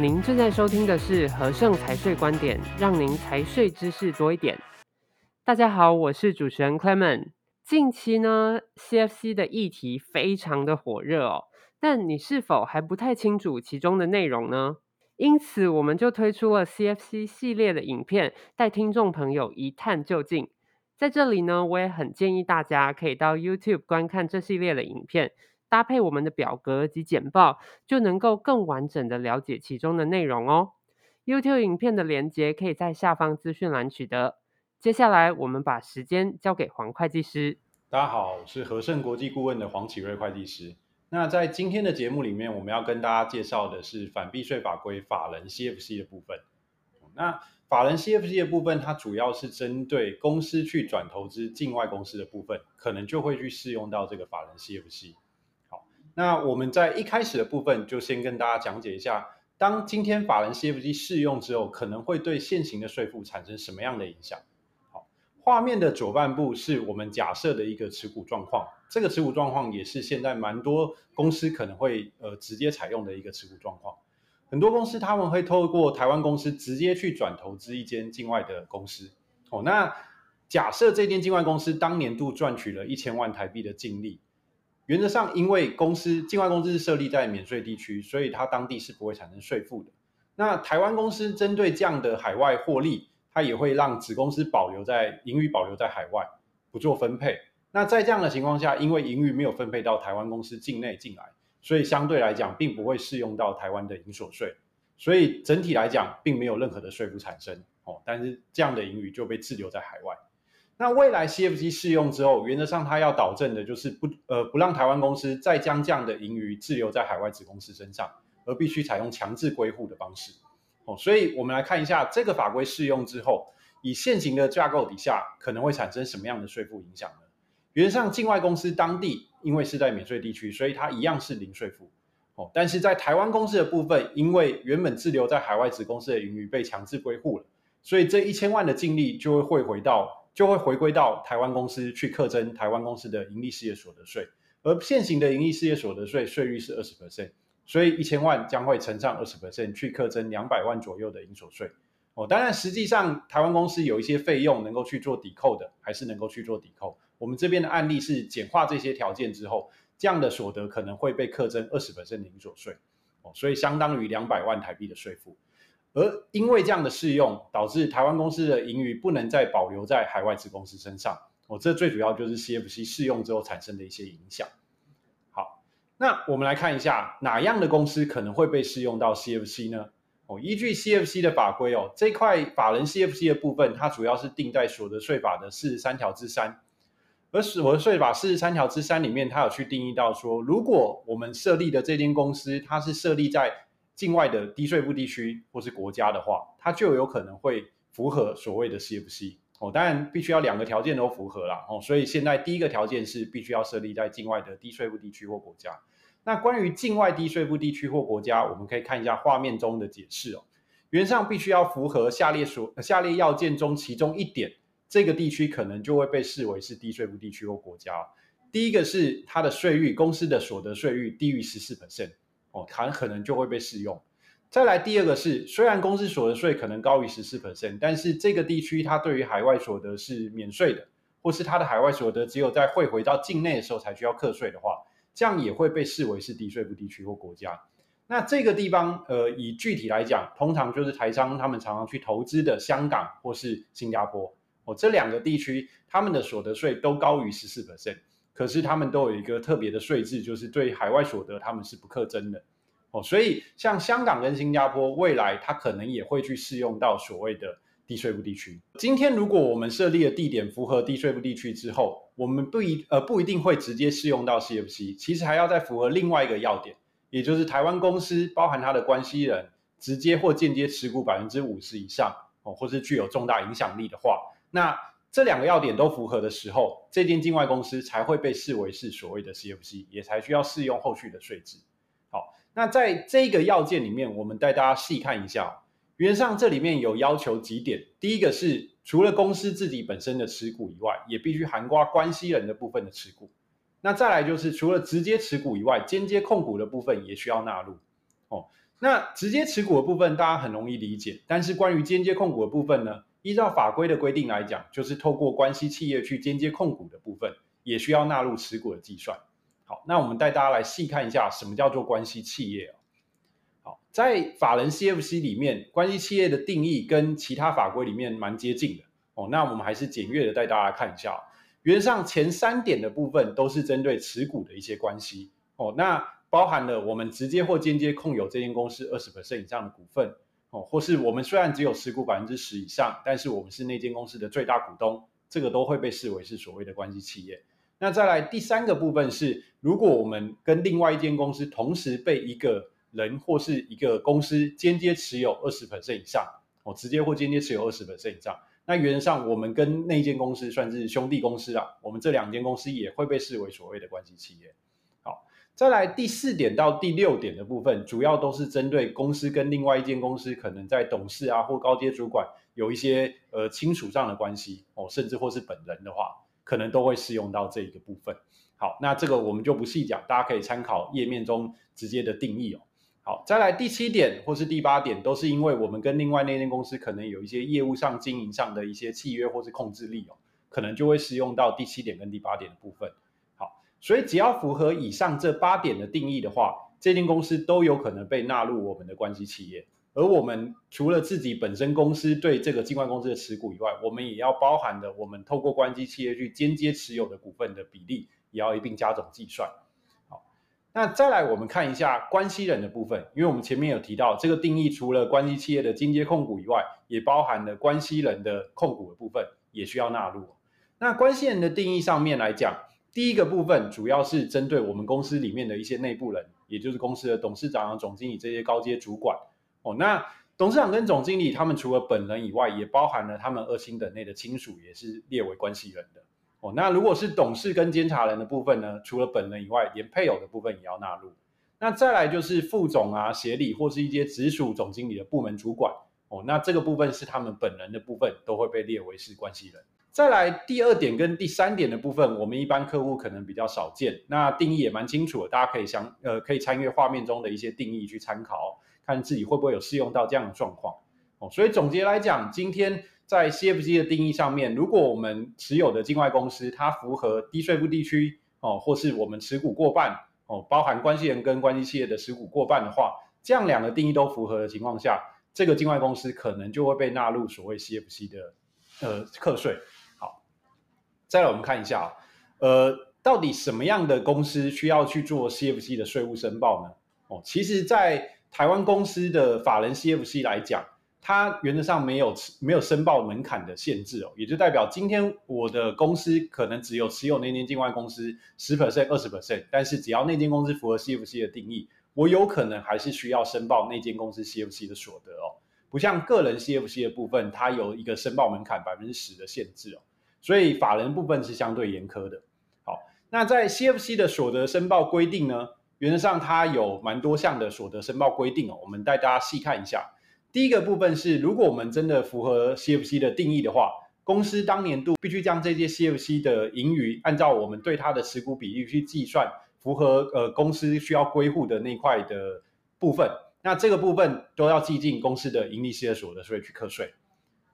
您正在收聽的是荷盛財稅觀點，讓您財稅知識多一點。大家好，我是主持人 Clement。近期呢，CFC 的議題非常的火熱哦，但你是否還不太清楚其中的內容呢？因此，我們就推出了 CFC 系列的影片，帶聽眾朋友一探究竟。在這裡呢，我也很建議大家可以到 YouTube 觀看這系列的影片。搭配我們的表格及簡報，就能夠更完整地了解其中的內容哦。YouTube 影片的鏈接可以在下方資訊欄取得。接下來，我們把時間交給黃會計師。大家好，我是荷盛國際顧問的黃啟瑞會計師。那在今天的節目裡面，我們要跟大家介紹的是反避稅法規法人 CFC 的部分。那法人 CFC 的部分，它主要是針對公司去轉投資境外公司的部分，可能就會去適用到這個法人 CFC。那我們在一開始的部分就先跟大家講解一下，當今天法人 CFC 適用之後，可能會對現行的稅負產生什麼樣的影響？好，畫面的左半部是我們假設的一個持股狀況，這個持股狀況也是現在蠻多公司可能會呃直接採用的一個持股狀況。很多公司他們會透過台灣公司直接去轉投資一間境外的公司。哦，那假設這間境外公司當年度賺取了一千萬台幣的淨利。原則上，因為公司境外公司是設立在免稅地區，所以它當地是不會產生稅負的。那台灣公司針對這樣的海外獲利，它也會讓子公司保留在，盈餘保留在海外，不做分配。那在這樣的情況下，因為盈餘沒有分配到台灣公司境內進來，所以相對來講，並不會適用到台灣的營所稅。所以整體來講，並沒有任何的稅負產生哦。但是這樣的盈餘就被滯留在海外。那未來 CFC 適用之後，原則上它要導正的就是不呃不讓台灣公司再將這樣的盈餘滯留在海外子公司身上，而必須採用強制歸戶的方式。哦，所以我們來看一下這個法規適用之後，以現行的架構底下可能會產生什麼樣的稅負影響呢？原則上境外公司當地因為是在免稅地區，所以它一樣是零稅負。哦，但是在台灣公司的部分，因為原本滯留在海外子公司的盈餘被強制歸戶了，所以這一千萬的淨利就會匯回到。就會回歸到台灣公司，去課徵台灣公司的營利事業所得稅，而現行的營利事業所得稅稅率是二十 percent，所以一千萬將會乘上二十 percent 去課徵兩百萬左右的營所稅。哦，當然實際上台灣公司有一些費用能夠去做抵扣的，還是能夠去做抵扣。我們這邊的案例是簡化這些條件之後，這樣的所得可能會被課徵二十 percent 的營所稅。哦，所以相當於兩百萬台幣的稅負。而因為這樣的適用，導致台灣公司的盈餘不能再保留在海外子公司身上。哦，這最主要就是 CFC 適用之後產生的一些影響。好，那我們來看一下哪樣的公司可能會被適用到 CFC 呢？哦，依據 CFC 的法規哦，這塊法人 CFC 的部分，它主要是定在所得稅法的四十三條之三。而所得稅法四十三條之三裡面，它有去定義到說，如果我們設立的這間公司，它是設立在境外的低稅負地區或是國家的話，它就有可能會符合所謂的 CFC 哦。當然，必須要兩個條件都符合了哦。所以現在第一個條件是必須要設立在境外的低稅負地區或國家。那關於境外低稅負地區或國家，我們可以看一下畫面中的解釋哦。原則上，必須要符合下列所下列要件中其中一點，這個地區可能就會被視為是低稅負地區或國家。第一個是它的稅率，公司的所得稅率低於十四 percent。很可能就會被適用。再來第二個是，雖然公司所得稅可能高於十四 percent，但是這個地區它對於海外所得是免稅的，或是它的海外所得只有在匯回到境內的時候才需要課稅的話，這樣也會被視為是低稅負地區或國家。那這個地方，呃，以具體來講，通常就是台商他們常常去投資的香港或是新加坡。哦，這兩個地區他們的所得稅都高於十四 percent，可是他們都有一個特別的稅制，就是對海外所得他們是不課徵的。哦，所以像香港跟新加坡，未來它可能也會去適用到所謂的低稅負地區。今天如果我們設立的地點符合低稅負地區之後，我們不一呃不一定會直接適用到 CFC，其實還要再符合另外一個要點，也就是台灣公司包含它的關係人直接或間接持股百分之五十以上，哦，或是具有重大影響力的話，那這兩個要點都符合的時候，這間境外公司才會被視為是所謂的 CFC，也才需要適用後續的稅制。好、哦。那在這個要件裡面，我們帶大家細看一下哦。原則上這裡面有要求幾點，第一個是除了公司自己本身的持股以外，也必須涵蓋關係人的部分的持股。那再來就是除了直接持股以外，間接控股的部分也需要納入哦。那直接持股的部分大家很容易理解，但是關於間接控股的部分呢，依照法規的規定來講，就是透過關係企業去間接控股的部分，也需要納入持股的計算。好，那我們帶大家來細看一下什麼叫做關係企業哦。好，在法人 CFC 裡面，關係企業的定義跟其他法規裡面蠻接近的哦。那我們還是簡略的帶大家看一下，原則上前三點的部分都是針對持股的一些關係哦。那包含了我們直接或間接控有這間公司二十 percent 以上的股份哦，或是我們雖然只有持股百分之十以上，但是我們是那間公司的最大股東，這個都會被視為是所謂的關係企業。那再來第三個部分是，如果我們跟另外一間公司同時被一個人或是一個公司間接持有二十 percent 以上，哦，直接或間接持有二十 percent 以上，那原則上我們跟那間公司算是兄弟公司啊，我們這兩間公司也會被視為所謂的關係企業。好，再來第四點到第六點的部分，主要都是針對公司跟另外一間公司可能在董事啊或高階主管有一些呃親屬上的關係哦，甚至或是本人的話。可能都會適用到這一個部分。好，那這個我們就不細講，大家可以參考頁面中直接的定義哦。好，再來第七點或是第八點，都是因為我們跟另外那間公司可能有一些業務上、經營上的一些契約或是控制力哦，可能就會適用到第七點跟第八點的部分。好，所以只要符合以上這八點的定義的話，這間公司都有可能被納入我們的關係企業。而我們除了自己本身公司對這個境外公司的持股以外，我們也要包含的我們透過關係企業去間接持有的股份的比例，也要一併加總計算。好，那再來我們看一下關係人的部分，因為我們前面有提到這個定義，除了關係企業的間接控股以外，也包含了關係人的控股的部分，也需要納入。那關係人的定義上面來講，第一個部分主要是針對我們公司裡面的一些內部人，也就是公司的董事長、總經理這些高階主管。哦，那董事長跟總經理他們除了本人以外，也包含了他們二親等內的親屬，也是列為關係人的。哦，那如果是董事跟監察人的部分呢，除了本人以外，連配偶的部分也要納入。那再來就是副總啊、協理或是一些直屬總經理的部門主管。哦，那這個部分是他們本人的部分都會被列為是關係人。再來第二點跟第三點的部分，我們一般客戶可能比較少見，那定義也蠻清楚的，大家可以想呃，可以參閱畫面中的一些定義去參考。看自己會不會有適用到這樣的狀況哦，所以總結來講，今天在 CFC 的定義上面，如果我們持有的境外公司它符合低稅負地區哦，或是我們持股過半哦，包含關係人跟關係企業的持股過半的話，這樣兩個定義都符合的情況下，這個境外公司可能就會被納入所謂 CFC 的呃課稅。好，再來我們看一下啊，呃，到底什麼樣的公司需要去做 CFC 的稅務申報呢？哦，其實，在台灣公司的法人 CFC 來講，它原則上沒有沒有申報門檻的限制哦，也就代表今天我的公司可能只有持有那間境外公司十 percent、二十 percent，但是只要那間公司符合 CFC 的定義，我有可能還是需要申報那間公司 CFC 的所得哦，不像個人 CFC 的部分，它有一個申報門檻百分之十的限制哦，所以法人部分是相對嚴苛的。好，那在 CFC 的所得申報規定呢？原則上，它有蠻多項的所得申報規定哦。我們帶大家細看一下。第一個部分是，如果我們真的符合 CFC 的定義的話，公司當年度必須將這些 CFC 的盈餘，按照我們對它的持股比例去計算，符合呃公司需要歸戶的那塊的部分，那這個部分都要計進公司的營利事業所得稅去課稅。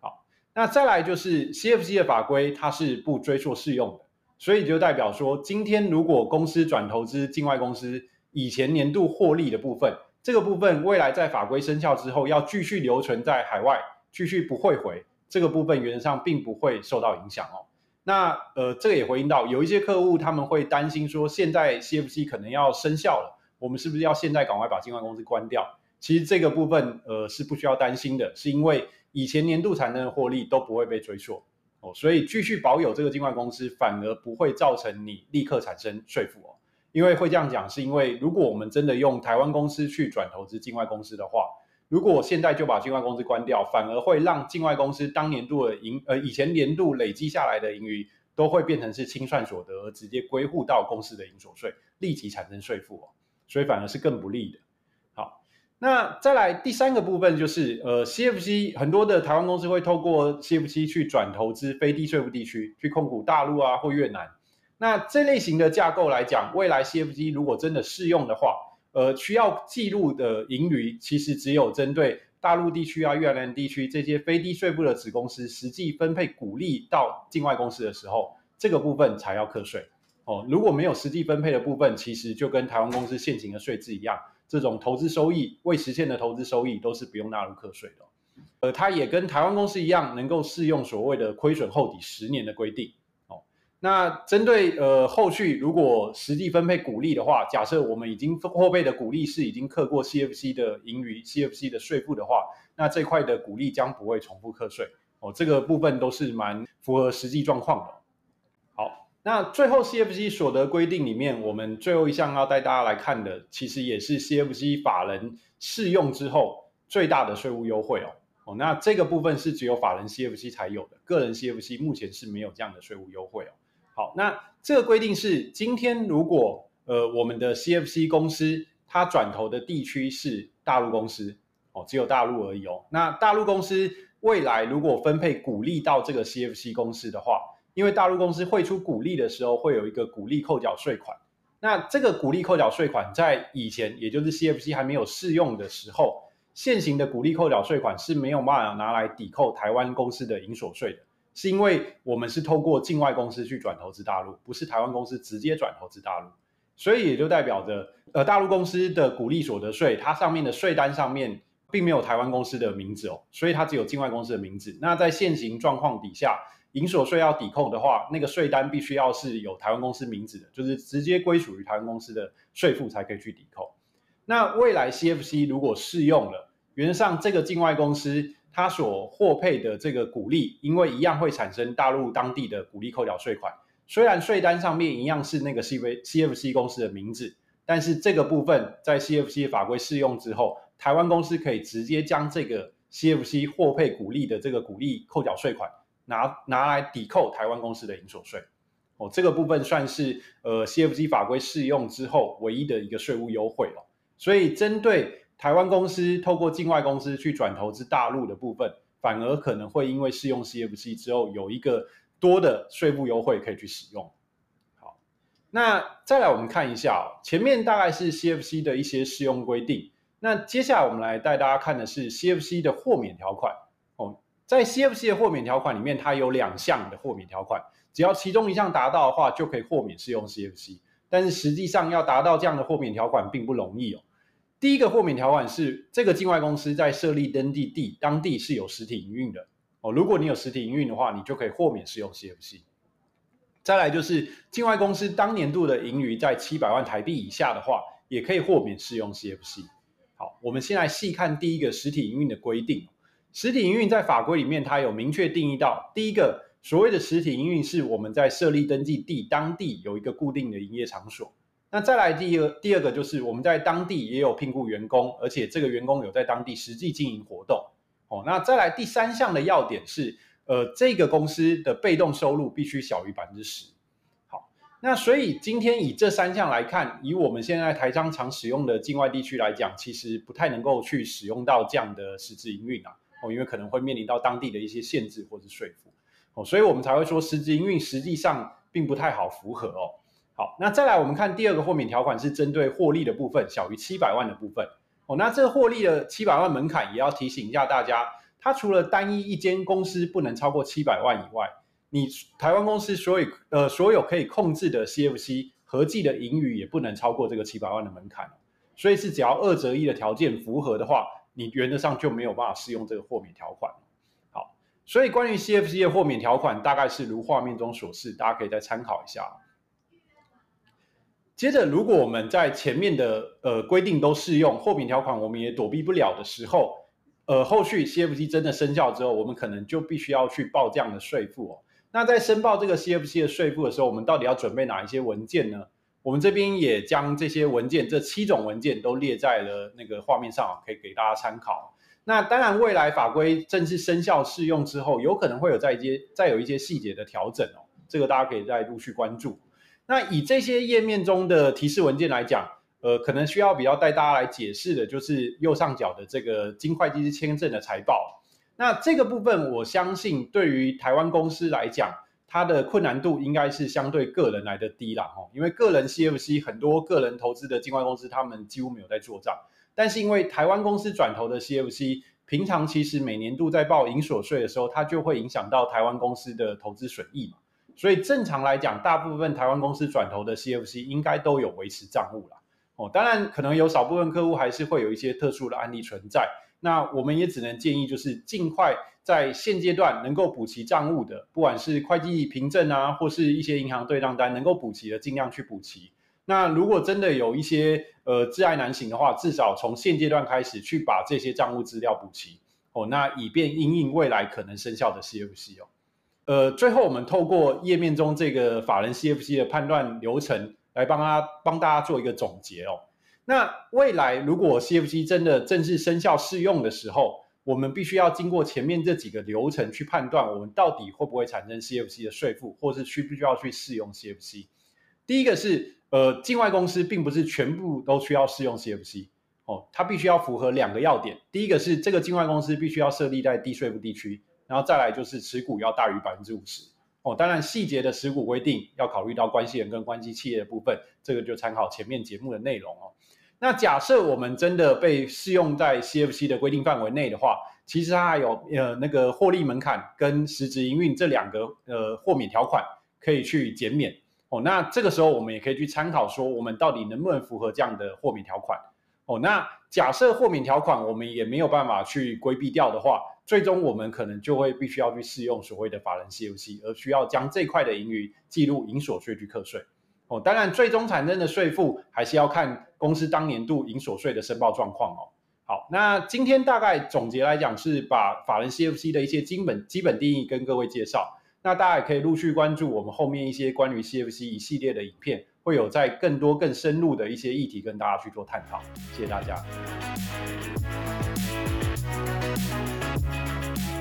好，那再來就是 CFC 的法規，它是不追溯適用的。所以就代表說，今天如果公司轉投資境外公司，以前年度獲利的部分，這個部分未來在法規生效之後，要繼續留存在海外，繼續不會回，這個部分原則上並不會受到影響哦。那呃，這個也回應到，有一些客戶他們會擔心說，現在 CFC 可能要生效了，我們是不是要現在趕快把境外公司關掉？其實這個部分呃是不需要擔心的，是因為以前年度產生的獲利都不會被追溯。哦，所以繼續保有這個境外公司，反而不會造成你立刻產生稅負哦。因為會這樣講，是因為如果我們真的用台灣公司去轉投資境外公司的話，如果我現在就把境外公司關掉，反而會讓境外公司當年度的盈呃以前年度累積下來的盈餘，都會變成是清算所得，直接歸戶到公司的營所稅，立即產生稅負哦。所以反而是更不利的。那再來第三個部分就是，呃，CFC 很多的台灣公司會透過 CFC 去轉投資非低稅負地區，去控股大陸啊或越南。那這類型的架構來講，未來 CFC 如果真的適用的話，呃，需要記錄的盈餘其實只有針對大陸地區啊、越南地區這些非低稅負的子公司實際分配股利到境外公司的時候，這個部分才要課稅哦。如果沒有實際分配的部分，其實就跟台灣公司現行的稅制一樣。這種投資收益、未實現的投資收益都是不用納入課稅的，呃，它也跟台灣公司一樣，能夠適用所謂的虧損後抵十年的規定。哦，那針對呃後續如果實際分配股利的話，假設我們已經後背的股利是已經課過 CFC 的盈餘 CFC、嗯、的稅負的話，那這塊的股利將不會重複課稅。哦，這個部分都是蠻符合實際狀況的。那最後，CFC 所得規定裡面，我們最後一項要帶大家來看的，其實也是 CFC 法人適用之後最大的稅務優惠哦。哦，那這個部分是只有法人 CFC 才有的，個人 CFC 目前是沒有這樣的稅務優惠哦。好，那這個規定是今天如果呃我們的 CFC 公司它轉投的地區是大陸公司哦，只有大陸而已哦。那大陸公司未來如果分配股利到這個 CFC 公司的話，因為大陸公司匯出股利的時候，會有一個股利扣繳稅款。那這個股利扣繳稅款在以前，也就是 CFC 還沒有適用的時候，現行的股利扣繳稅款是沒有辦法拿來抵扣台灣公司的營所稅的，是因為我們是透過境外公司去轉投資大陸，不是台灣公司直接轉投資大陸，所以也就代表着，呃，大陸公司的股利所得稅，它上面的稅單上面並沒有台灣公司的名字哦，所以它只有境外公司的名字。那在現行狀況底下。營所稅要抵扣的話，那個稅單必須要是有台灣公司名字的，就是直接歸屬於台灣公司的稅負才可以去抵扣。那未來 CFC 如果適用了，原則上這個境外公司它所獲配的這個股利，因為一樣會產生大陸當地的股利扣繳稅款，雖然稅單上面一樣是那個 CVCFC 公司的名字，但是這個部分在 CFC 的法規適用之後，台灣公司可以直接將這個 CFC 獲配股利的這個股利扣繳稅款。拿拿來抵扣台灣公司的營所稅，哦，這個部分算是呃 CFC 法規適用之後唯一的一個稅務優惠了哦。所以針對台灣公司透過境外公司去轉投資大陸的部分，反而可能會因為適用 CFC 之後有一個多的稅務優惠可以去使用。好，那再來我們看一下哦，前面大概是 CFC 的一些適用規定，那接下來我們來帶大家看的是 CFC 的豁免條款。在 CFC 的豁免條款裡面，它有兩項的豁免條款，只要其中一項達到的話，就可以豁免適用 CFC。但是實際上要達到這樣的豁免條款並不容易哦。第一個豁免條款是這個境外公司在設立登記地當地是有實體營運的哦。如果你有實體營運的話，你就可以豁免適用 CFC。再來就是境外公司當年度的盈餘在七百萬台幣以下的話，也可以豁免適用 CFC。好，我們先來細看第一個實體營運的規定。實體營運在法規裡面，它有明確定義到第一個所謂的實體營運是我們在設立登記地當地有一個固定的營業場所。那再來第二第二個就是我們在當地也有聘僱員工，而且這個員工有在當地實際經營活動。哦，那再來第三項的要點是，呃，這個公司的被動收入必須小於百分之十。好，那所以今天以這三項來看，以我們現在台商常使用的境外地區來講，其實不太能夠去使用到這樣的實質營運啊。哦，因為可能會面臨到當地的一些限制或者是稅負，哦，所以我們才會說實質營運實際上並不太好符合哦。好，那再來我們看第二個豁免條款是針對獲利的部分，小於七百萬的部分。哦，那這獲利的七百萬門檻也要提醒一下大家，它除了單一一間公司不能超過七百萬以外，你台灣公司所有呃所有可以控制的 CFC 合計的盈餘也不能超過這個七百萬的門檻，所以是只要二擇一的條件符合的話，你原則上就沒有辦法適用這個豁免條款，好，所以關於 CFC 的豁免條款，大概是如畫面中所示，大家可以再參考一下。接着，如果我們在前面的呃規定都適用，豁免條款我們也躲避不了的時候，呃，後續 CFC 真的生效之後，我們可能就必須要去報這樣的稅負哦。那在申報這個 CFC 的稅負的時候，我們到底要準備哪一些文件呢？我們這邊也將這些文件，這七種文件都列在了那個畫面上，可以給大家參考。那當然，未來法規正式生效適用之後，有可能會有再接再有一些細節的調整哦，這個大家可以再陸續關注。那以這些頁面中的提示文件來講，呃，可能需要比較帶大家來解釋的就是右上角的這個經會計師簽證的財報。那這個部分，我相信對於台灣公司來講，它的困難度應該是相對個人來的低啦，吼，因為個人 CFC 很多個人投資的境外公司，他們幾乎沒有在做賬，但是因為台灣公司轉投的 CFC，平常其實每年度在報營所稅的時候，它就會影響到台灣公司的投資損益嘛，所以正常來講，大部分台灣公司轉投的 CFC 應該都有維持賬務啦。哦，當然可能有少部分客戶還是會有一些特殊的案例存在，那我們也只能建議就是儘快。在現階段能夠補齊賬務的，不管是會計憑證啊，或是一些銀行對賬單能夠補齊的，儘量去補齊。那如果真的有一些呃窒礙難行的話，至少從現階段開始去把這些賬務資料補齊哦，那以便因應未來可能生效的 CFC 哦。呃，最後我們透過頁面中這個法人 CFC 的判斷流程來幫他幫大家做一個總結哦。那未來如果 CFC 真的正式生效適用的時候，我們必須要經過前面這幾個流程去判斷，我們到底會不會產生 CFC 的稅負，或是需不需要去適用 CFC。第一個是，呃，境外公司並不是全部都需要適用 CFC，哦，它必須要符合兩個要點。第一個是這個境外公司必須要設立在低稅負地區，然後再來就是持股要大於百分之五十，哦，當然細節的持股規定要考慮到關係人跟關係企業的部分，這個就參考前面節目的內容哦。那假設我們真的被適用在 CFC 的規定範圍內的話，其實它還有呃那個獲利門檻跟實質營運這兩個呃豁免條款可以去減免哦。那這個時候我們也可以去參考說，我們到底能不能符合這樣的豁免條款哦。那假設豁免條款我們也沒有辦法去規避掉的話，最終我們可能就會必須要去適用所謂的法人 CFC，而需要將這塊的盈餘記錄營所得稅去課稅。哦，當然，最終產生的稅負還是要看公司當年度營所稅的申報狀況哦。好，那今天大概總結來講，是把法人 CFC 的一些基本基本定義跟各位介紹。那大家也可以陸續關注我們後面一些關於 CFC 一系列的影片，會有在更多更深入的一些議題跟大家去做探討。謝謝大家。嗯。